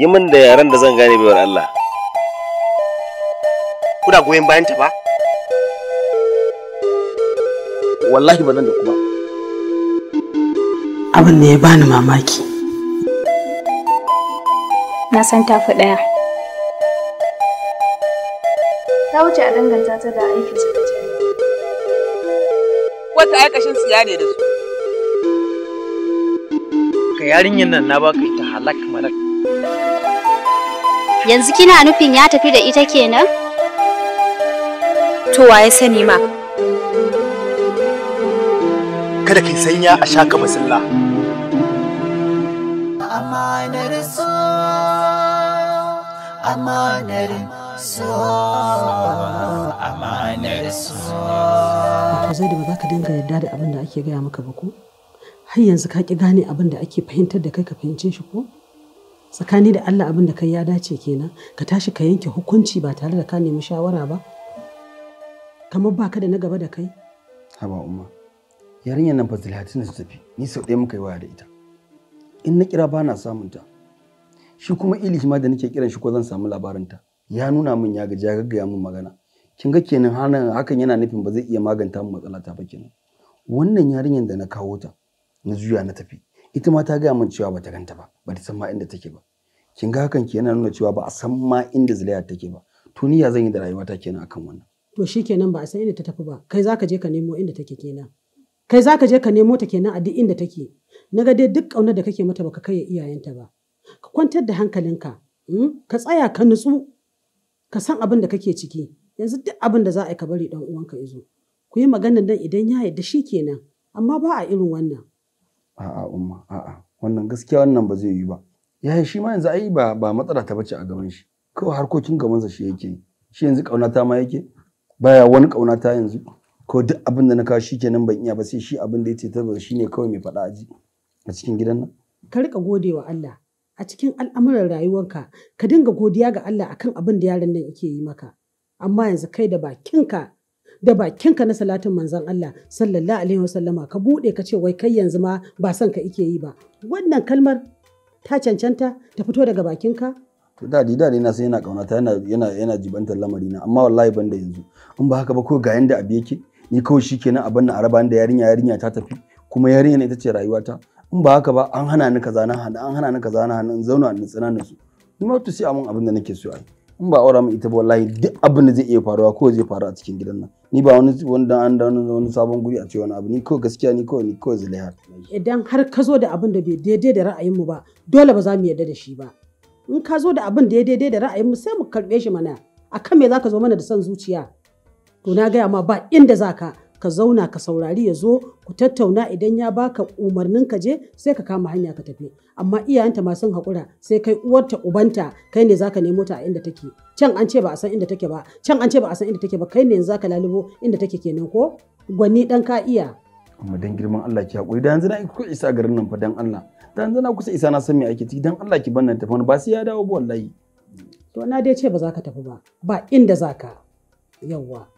yi min da yaren da zan gane baiwar Allah kuna goyon bayan ta ba wallahi ba nan da kuma abin da ya bani mamaki na san ta fi ɗaya ta wuce a danganta ta da aikin ce Wata wata aikashin su ne da su ka yarinyan nan na baka ita halak malak Yanzu kina nufin ya tafi da ita kenan? To waye sani ma. Kada kai sanya a shaka masalla. Amanar so, amanar so, amanar so. To zai da ba za ka dinga yarda da abin da ake gaya maka ba ko? Har yanzu ka ki gane abin da ake fahimtar da kai ka fahimce shi ko? tsakani da Allah abin da kai ya dace kenan ka tashi ka yanke hukunci ba tare da ka nemi shawara ba kamar baka da na gaba da kai haba umma yarinyar nan fazilatu ne su tafi ni sau ɗaya muka yi waya da ita in na kira bana samun ta shi kuma ilish ma da nake kiran shi ko zan samu labarin ta ya nuna min ya gaji ya gaggaya min magana kin ga kenan hakan yana nufin ba zai iya maganta min matsala ta ba kenan wannan yarinyar da na kawo ta na juya na tafi ita ma ta gaya min cewa ba ta ganta ba ba ta san ma inda take ba kin ga hakan ke yana nuna cewa ba a san ma inda zulaiha take ba to ni ya zan yi da rayuwa ta kenan akan wannan to shikenan ba a san inda ta tafi ba kai zaka je ka nemo inda take kenan kai zaka je ka nemo ta kenan a duk inda take naga dai duk kauna da kake mata baka kai ya iyayenta ba ka kwantar da hankalinka hmm? ka tsaya ka nutsu ka san abin da kake ciki yanzu duk abin da za a yi ka bari dan uwanka izo ku yi maganar nan idan ya yarda kenan amma ba a irin wannan a'a umma a'a wannan gaskiya wannan ba zai yi ba yaya shi ma yanzu ai ba ba matsala ta bace a gaban shi kawai harkokin gabansa shi yake shi yanzu kaunata ma yake baya wani kaunata yanzu ko duk abin da na kawo shi kenan ban iya ba sai shi abin da ya ce ba shi ne kawai mai faɗa aji a cikin gidan nan ka rika gode wa Allah a cikin al'amuran rayuwarka ka dinga godiya ga Allah akan abin da yaron nan yake yi maka amma yanzu kai da bakinka da bakinka na salatin manzon Allah sallallahu alaihi wasallama ka bude ka ce wai kai yanzu ma ba son ka ike yi ba wannan kalmar ta cancanta ta fito daga bakinka to da da na san yana kaunata yana yana yana jibantar lamari na amma wallahi banda yanzu in ba haka ba ko ga yanda abi yake ni kawai shikenan abin na araba da yarinya yarinya ta tafi kuma yarinya ita ce rayuwata in ba haka ba an hana ni kaza na hana an hana ni kaza na hana in zauna ni tsana ni su ni ma to sai abin da nake so ai in ba aura min ita ba wallahi duk abin da zai iya faruwa ko zai faru a cikin gidan nan ni ba wani wanda an da wani sabon guri a ce wani abu ni ko gaskiya ni ko ni ko zuliha idan har ka zo da abin da bai daidai da ra'ayin mu ba dole ba za mu yarda da shi ba in ka zo da abin da ya daidai da ra'ayin mu sai mu karbe shi mana akan me zaka zo mana da son zuciya to na gaya ma ba inda zaka ka zauna ka saurari ya zo ku tattauna idan ya baka umarnin ka je sai ka kama hanya ka tafi amma iyayenta ma sun haƙura sai kai uwarta ubanta kai ne zaka nemo ta a inda take can an ce ba a san inda take ba can an ce ba a san inda take ba kai ne yanzu zaka lalubo inda take kenan ko gwani dan ka iya amma dan girman Allah ki haƙuri da yanzu na ku isa garin nan fa dan Allah da yanzu na kusa isa na san me ake ciki dan Allah ki bannan tafi ba sai ya dawo ba wallahi to na dai ce ba za ka tafi ba ba inda za ka yawwa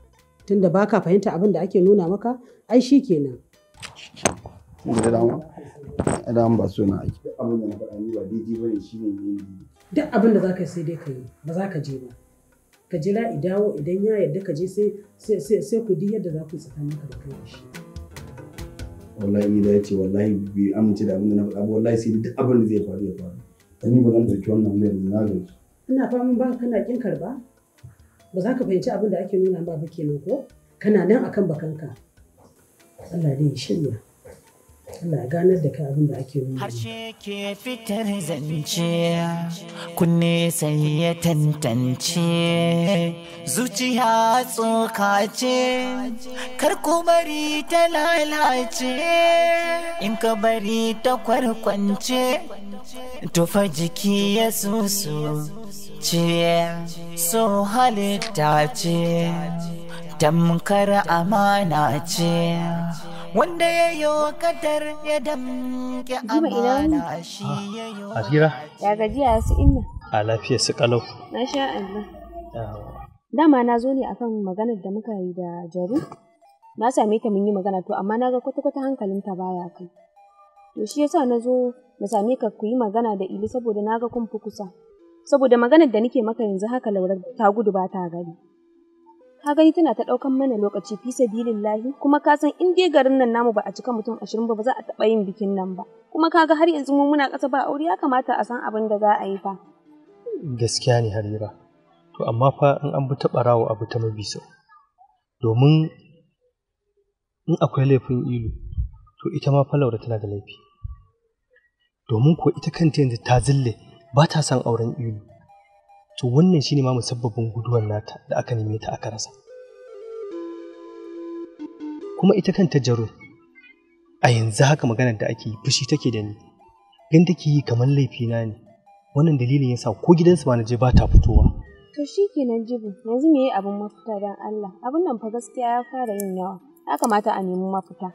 tunda ba ka fahimta abin da ake nuna maka ai shi kenan. ba Abin da na faɗa ni ba daidai ba ne shi ne Duk abin da za ka sai dai ka yi ba za ka je ba. Ka jira idawo idan ya yarda ka je sai ku di yadda za ku tsakanin ka da kai shi. Wallahi ni da ya ce wallahi bai amince da abin da na faɗa ba wallahi sai duk abin da zai faru ya faru. Ni ba zan ɗauki wannan mai na gaji. Ina famin ba kana kin karba? ba za ka fahimci abin da ake nuna ma ba kenan ko kana nan akan bakanka Allah dai ya shirya Allah ya ganar da kai abin da ake nuna harshe ke fitar zance kunne sai ya tantance zuciya tsoka ce kar ku bari ta lalace in ka bari ta kwarkwance tufa jiki ya susu ce so halitta ce tamkar amana ce wanda ya yi wa kadar ya damke amana shi ah, ya yi wa ya gajiya su inna a lafiya su kalau na sha Allah dama na zo ne akan maganar da muka yi da jaru na same ka mun yi magana to amma na ga kwata-kwata ta baya kai to shi yasa na zo na same ka ku yi magana da ili saboda na ga kun fi kusa saboda maganar da nake maka yanzu haka laurar ta gudu ba ta gari ka gani tana ta ɗaukan mana lokaci fi sabilillahi kuma ka san in dai garin nan namu ba a cika mutum ashirin ba ba za a taɓa yin bikin nan ba kuma kaga har yanzu mu muna ƙasa ba aure ya kamata a san abin da za a yi fa gaskiya ne harira to amma fa in an bi ta ɓarawo abu ta mabi sau domin in akwai laifin ilu to ita ma fa laura tana da laifi domin ko ita kanta yanzu ta zille ba ta son auren ilu to wannan shine ma musabbabin guduwar nata da aka neme ta aka rasa kuma ita kanta jaro a yanzu haka maganar da ake yi fushi take da ni gan take yi kamar laifina ne wannan dalilin yasa ko gidansu ma na je ba ta fitowa to shikenan jibu yanzu me yi abin mafita dan Allah Abun nan fa gaskiya ya fara yin yawa ya kamata a nemi mafita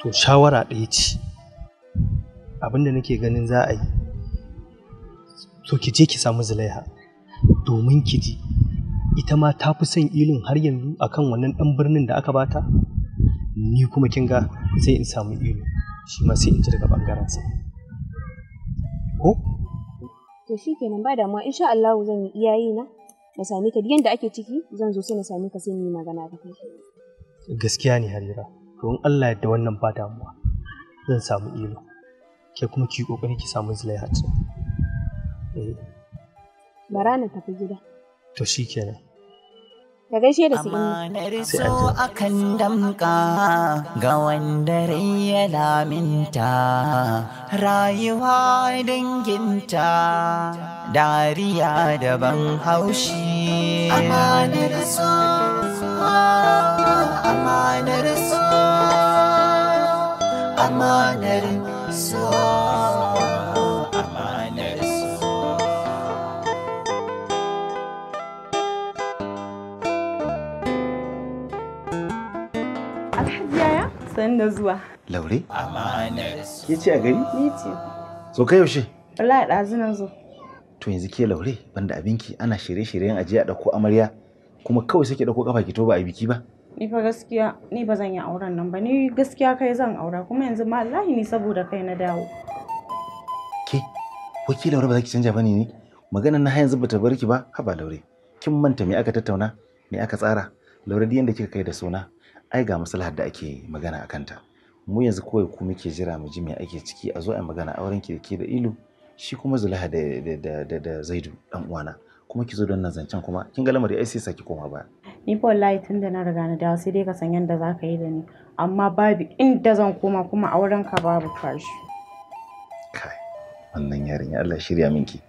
to shawara ɗaya ce abin da nake ganin za a yi so ki je ki samu zulaiha domin ki ji ita ma ta fi son ilin har yanzu akan wannan ɗan birnin da aka bata ni kuma kin ga sai in samu ilu shi ma sai in ji daga bangaren sa ko to shi kenan ba damuwa insha Allah zan yi iyayi na na same ka da ake ciki zan zo sai na same ka sai ni magana da kai gaskiya ne harira to in Allah ya wannan ba damuwa zan samu ilo ke kuma ki kokari ki samu hatsu eh bara na tafi gida to shikenan ka gaishe da su so akan damka ga wanda rai ya laminta rayuwa danginta dariya daban haushi amanar so amanar so amanar su amanar su Alhaji zuwa. Laure? Ke ce a gari? Ni ce. So kai yaushe? Wallahi ɗazu na zo. To yanzu ke Laure banda abinki ana shirye-shiryen ajiya da ko amarya kuma kawai sai ɗauko kafa ki to ba a biki ba. ni fa gaskiya ni ba zan yi auren nan ba ni gaskiya kai zan aura kuma yanzu ma Allah ni saboda kai na dawo ke wakil Laura ba za ki canja bane ne maganar na yanzu bata bar ki ba haba laure kin manta me aka tattauna me aka tsara laure da yanda kika kai da suna ai ga maslahar da ake magana a kanta mu yanzu kawai ku muke jira mu ji me ake ciki a zo a magana auren ki da ke da ilu shi kuma zulaha da da da, da, zaidu dan uwana kuma ki zo don nan zancen kuma kin ga lamari ai sai saki koma ba ni fa wallahi tun da na riga na dawo sai dai ka san yadda za ka yi da ni amma babu inda zan koma kuma auren ka babu kashi kai wannan yarinya Allah shirya minki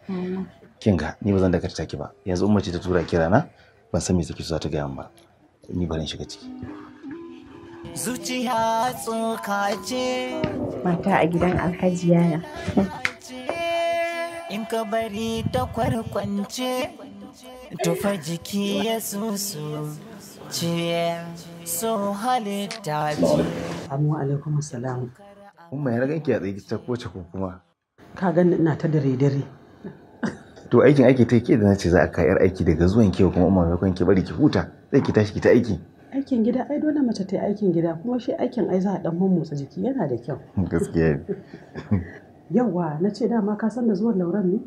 kin ga ni ba zan dakarta ki ba yanzu umma ta tura kira na ban san me take so ta gaya min ba ni barin shiga ciki zuciya tsoka ce mata a gidan alhaji yana in ka bari ta kwarkwance tufa jiki ya susu ciye so halitta ce. Amu alaikum salam. mai ya raganki a tsaye ta kowace ko kuma. Ka gani ina ta dare dare. To aikin aiki ta ke da nace za a kayar aiki daga zuwan kewa kuma umar maimakon ki bari ki huta sai ki tashi ki ta aiki. Aikin gida ai dole mace ta yi aikin gida kuma shi aikin ai za a dan motsa jiki yana da kyau. Gaskiya Yawwa na ce dama ka san da zuwan lauran ne?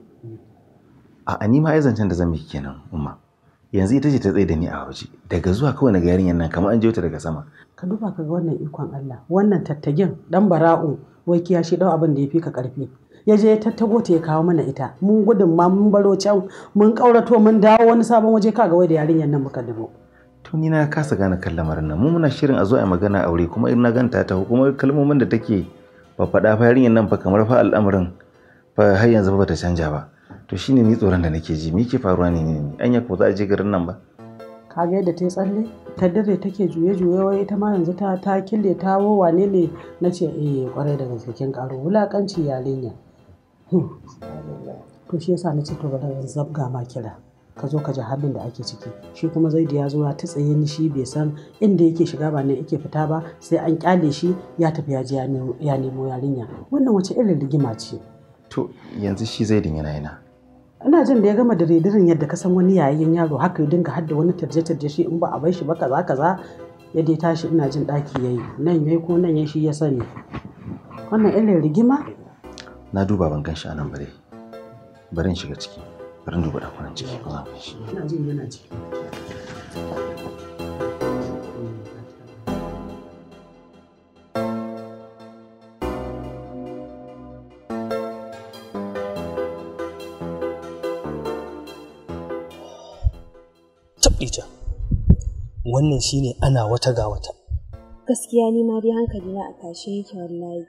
a ni ma ai zancen da zan miki kenan umma yanzu ita ce ta tsaye da ni a waje daga zuwa kawai na yarinyar nan kamar an je ta daga sama ka duba ka ga wannan ikon Allah wannan tattagin dan bara'u wai kiya shi dau abin da ya ka karfi ya je ya tattago ta ya kawo mana ita mun gudun ma mun baro can mun kaurato mun dawo wani sabon waje kaga wai da yarinyar nan muka dubo to ni na kasa gane kan lamarin nan mun muna shirin a zo a magana aure kuma in na ganta ta kuma kalmomin da take ba faɗa fa yarinyar nan fa kamar fa al'amarin fa har yanzu ba ta canja ba to shine ni tsoron da nake ji ke faruwa ne ne anya ko za a je garin nan ba kaga yadda ta yi tsalle ta dare take juye juye wai ta ma yanzu ta ta kille ta wo wane ne nace eh kwarai da gaske kin karo wulakanci yarinya to shi yasa nace to bari zabga ma kira ka zo ka ji halin da ake ciki shi kuma zaidi ya zo ya ta tsaye ni shi bai san inda yake shiga ba ne yake fita ba sai an kyale shi ya tafi ya je ya nemo yarinya wannan wace irin rigima ce to yanzu shi zaidin yana yana ina jin da ya gama da dirin yadda ka san wani yayin yaro haka ya dinga hadda wani tarje-tarje shi in ba a bai shi ba kaza kaza ya dai tashi ina jin ɗaki yayi nan yayi ko nan ya shi ya sani wannan irin rigima na duba ban gan shi a nan bare barin shiga ciki barin duba ɗakunan ciki ba shi ina jin yana ciki ita wannan shine ana wata ga wata gaskiya ni ma dai hankali na a tashi yake wallahi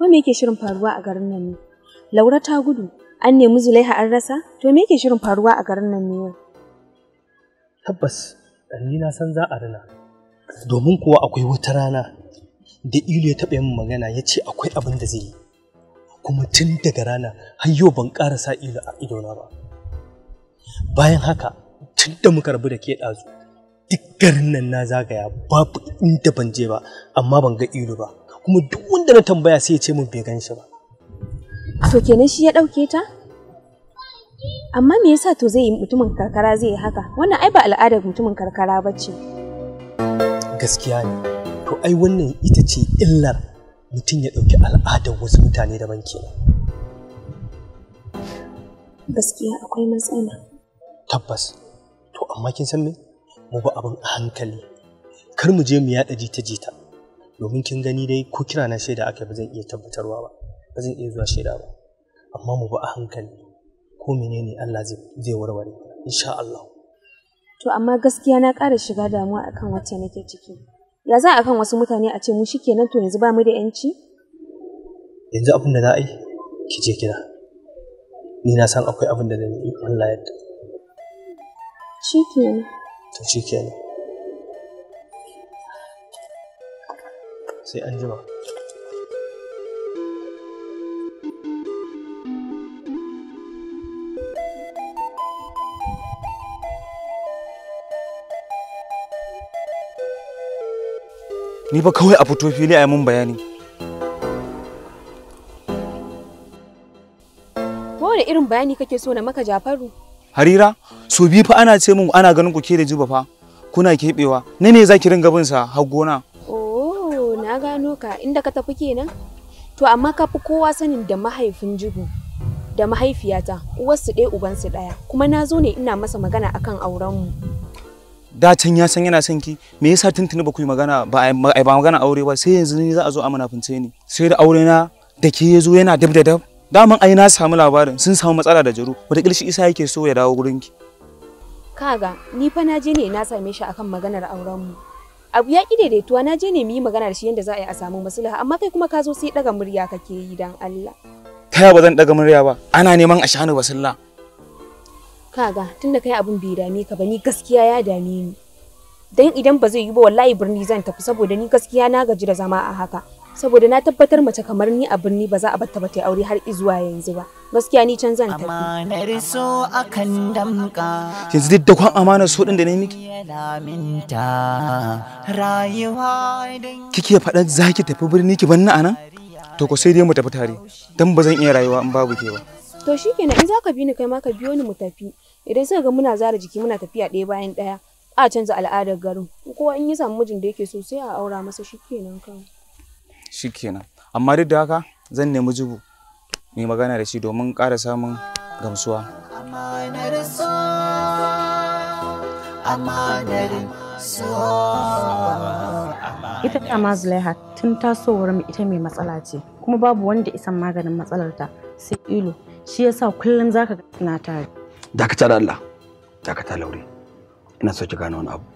ko me yake shirin faruwa a garin nan ne laura ta gudu an nemi zulaiha an rasa to me yake shirin faruwa a garin nan ne tabbas ni na san za a rana domin kuwa akwai wata rana da ilu ya taɓa yin magana ya ce akwai abin da zai yi kuma tun daga rana har yau ban ƙara sa ilu a idona ba bayan haka tun da muka rabu da ke ɗazu duk garin nan na zagaya babu inda ban je ba amma ban ga ilu ba kuma duk wanda na tambaya sai ya ce min bai gan shi ba to kenan shi ya ɗauke ta amma me yasa to zai yi mutumin karkara zai yi haka wannan ai ba al'adar mutumin karkara ba ce gaskiya ne to ai wannan ita ce illar mutum ya ɗauki al'adar wasu mutane daban kenan gaskiya akwai matsala tabbas amma kin san me mu ba abin a hankali kar mu je mu yaɗa jita-jita domin kin gani dai ko kira na shaida aka ba zan iya tabbatarwa ba ba zan iya zuwa shaida ba amma mu ba a hankali ko menene Allah zai warware insha Allah to amma gaskiya na ƙara shiga damuwa akan wacce nake ciki ya za a kan wasu mutane a ce mu shi kenan to yanzu ba mu da yanci yanzu abin da za a yi ki je gida ni na san akwai abin da zan yi Allah yadda shi to sai an ni ba kawai a fito fili a yi mun bayani. Ko wani irin bayani kake so na maka Jafaru? Harira, so bi fa ana ce mun ana ganin ku ke da juba fa kuna kebewa ne ne zaki ringa bin sa har gona oh na gano ka inda ka tafi kenan to amma ka fi kowa sanin da mahaifin jibu da mahaifiyata uwar su dai uban su daya kuma na zo ne ina masa magana akan auren mu. da can ya san yana son ki me yasa tuntuni ba ku yi magana ba ba magana aure ba sai yanzu ni za a zo a munafince ni sai da aure na da ke yazo yana dab da dab daman ai na samu labarin sun samu matsala da jaru wata kilishi isa yake so ya dawo gurin ki kaga ni fa naje ne na same shi akan maganar auren mu abu ya ƙi daidaituwa na je ne mu yi magana da shi yadda za a yi a samu maslaha amma kai kuma ka zo sai daga murya kake yi dan Allah ta ba zan daga murya ba ana neman a shanu basalla kaga tunda kai abun bai dame ka ba ni gaskiya ya dame ni dan idan ba zai yi ba wallahi birni zan tafi saboda ni gaskiya na gaji da zama a haka saboda na tabbatar mace kamar ni a birni ba za a batta ba ta aure har izuwa yanzu ba gaskiya ni can zan tafi amanar so akan damka yanzu duk dakon amana so din da nayi miki rayuwa kike fadan zaki tafi birni ki banna anan to ko sai dai mu tafi tare dan ba zan iya rayuwa in babu ke ba to shikenan in zaka bi ni kai ma ka biyo ni mu tafi idan suka ga muna zara jiki muna tafiya ɗaya bayan ɗaya a canza al'adar garin kowa in yi samu mijin da yake so sai a aura masa shikenan kawai shikenan amma duk da haka zan nemi jibu mai magana da shi domin ƙara samun gamsuwa ita ta zulaiha tun tasowar mu ita mai matsala ce kuma babu wanda isan maganin matsalarta sai ilo shi ya sa kullum zaka na tare dakatar Allah dakatar laure ina so ki gane wani abu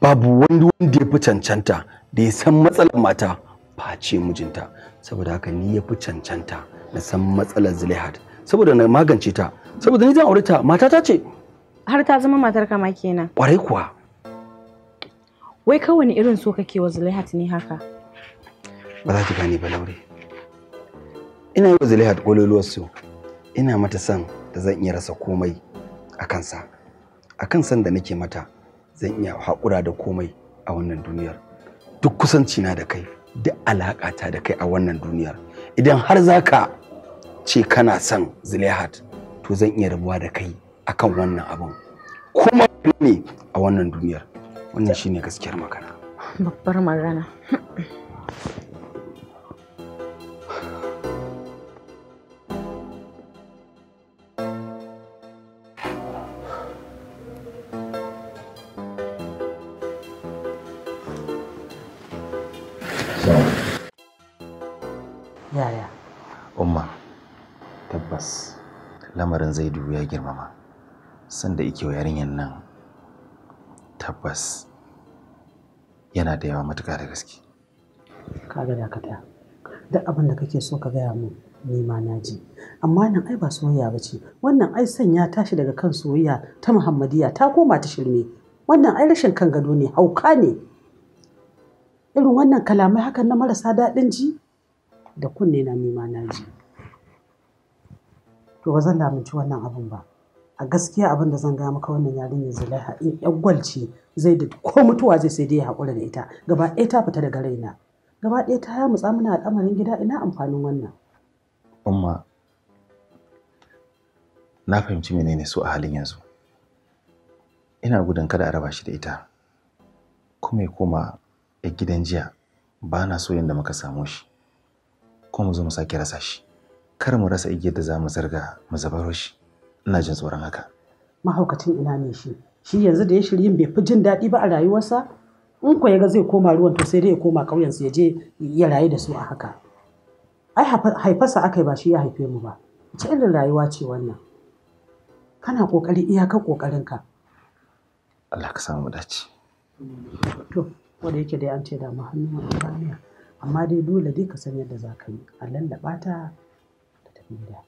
babu wani wanda ya fi cancanta da ya san matsalar mata face mijinta saboda haka ni ya fi cancanta na san matsalar zulaihat saboda na magance ta saboda ni zan aure ta mata ta ce har ta zama matar kama kenan kwarai kuwa wai kawai irin so kake wa zulaihat ne haka ba za ki gane ba laure ina yi wa zulaihat gololuwar so ina mata san da zan iya rasa komai a kansa a kan san da nake mata zan iya haƙura da komai a wannan duniyar duk kusanci na da kai duk ta da kai a wannan duniyar idan har za ka ce kana son zulehat to zan iya rabuwa da kai akan wannan abin kuma ne a wannan duniyar wannan shine gaskiyar magana babbar magana Yaya? Umma, tabbas lamarin zai Zaidu ya girmama. Sanda ike wa yarinyar nan tabbas yana da yawa matuƙa da gaske. Kaga dakata, duk abin da kake so ka gaya mu ni ma na ji. Amma nan ai ba soyayya ba ce, wannan ai sanya tashi daga kan soyayya ta muhammadiya ta koma ta shirme. Wannan ai rashin kan gado ne, hauka ne. irin wannan kalamai hakan na marasa daɗin ji da kunne na nima na ji to ba zan lamunci wannan abin ba a gaskiya abin da zan gaya maka wannan yarinyar zulaiha in yaggwal ce zai da ko mutuwa zai sai dai ya haƙura da ita gaba ɗaya ta fita daga raina gaba ɗaya ta ya mutsa mana al'amarin gida ina amfanin wannan umma na fahimci menene su a halin yanzu ina gudun kada a raba shi da ita kuma ya koma ya gidan jiya ba na so yadda muka samu shi ko mu zo mu sake rasa shi kar mu rasa igiyar da za mu zarga mu zabaro shi ina jin tsoron haka mahaukacin ina ne shi shi yanzu da ya shiryin bai fi jin daɗi ba a rayuwarsa in ko ya ga zai koma ruwan to sai dai ya koma ƙauyensu ya je ya rayu da su a haka ai haifarsa aka yi ba shi ya haife mu ba ce irin rayuwa ce wannan kana ƙoƙari iyakar ƙoƙarinka Allah ka samu dace to ko yake da an ce dama hannun a amma dai dole dai ka san yadda za ka yi a lallaba ta ta tafi gida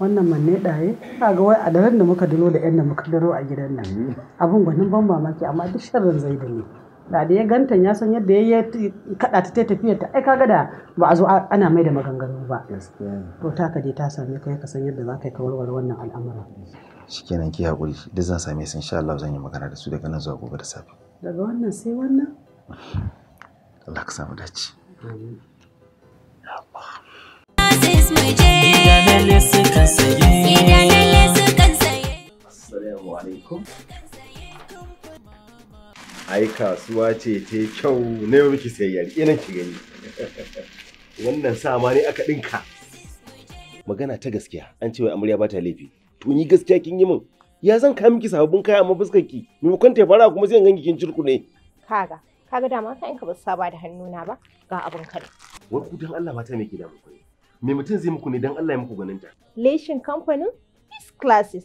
wannan manne ɗaye kaga wai a daren da muka dilo da yan da muka dilo a gidan nan abin gwanin ban mamaki amma duk sharrin zai da ne da da ya gantan ya san yadda ya kada ta tafiyar ta ai kaga da ba a zo ana mai da maganganu ba to taka dai ta same ka ka san yadda za ka yi kawarwar wannan al'amura shikenan ki hakuri duk zan same su insha Allah zan yi magana da su daga nan zuwa gobe da safe daga wannan sai wannan Allah ka samu dace ai kasuwa ce ta kyau na yau miki sayayyar ki gani wannan sama ne aka ɗinka. magana ta gaskiya an ce wai amarya ba ta laifi Tuni ni gaskiya kin yi min ya zan kai miki sababbin kaya amma fuskar ki maimakon ta fara kuma sai in ganki kin cirkune kaga kaga dama ka in ka ba saba da hannuna ba ga abin kare wa ku dan Allah mata me ke da muku ne me mutum zai muku ne dan Allah ya muku ganin ta leshin kamfanin class classes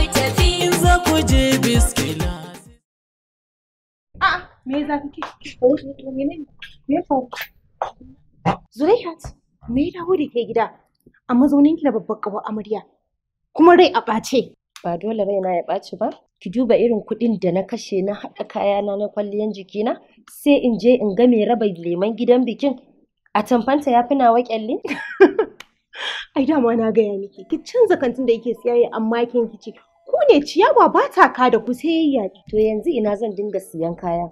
me za ka ke Zulaihat dawo da gida a mazaunin da babbar kawo amarya kuma rai a ɓace ba dole raina ya ɓace ba ki duba irin kuɗin da na kashe na haɗa kayana na kwalliyan jikina sai in je in ga mai raba leman gidan bikin a tamfanta ya fi nawa kyalli ai dama na gaya miki ki canza kantin da yake siyayya amma kin kici ku ne ciyawa ba ta ka da ku sai yayi to yanzu ina zan dinga siyan kaya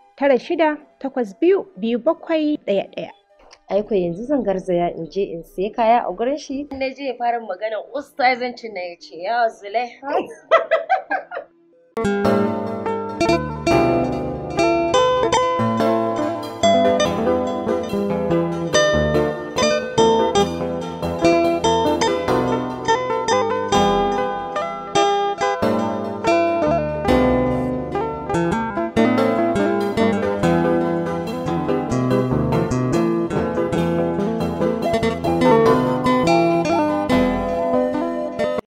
tara shida takwas biyu biyu bakwai ɗaya ɗaya. Aiko yanzu zan garzaya in je in sai kaya a gurin shi. Na je fara magana ustazancin na ya ce yawa zule.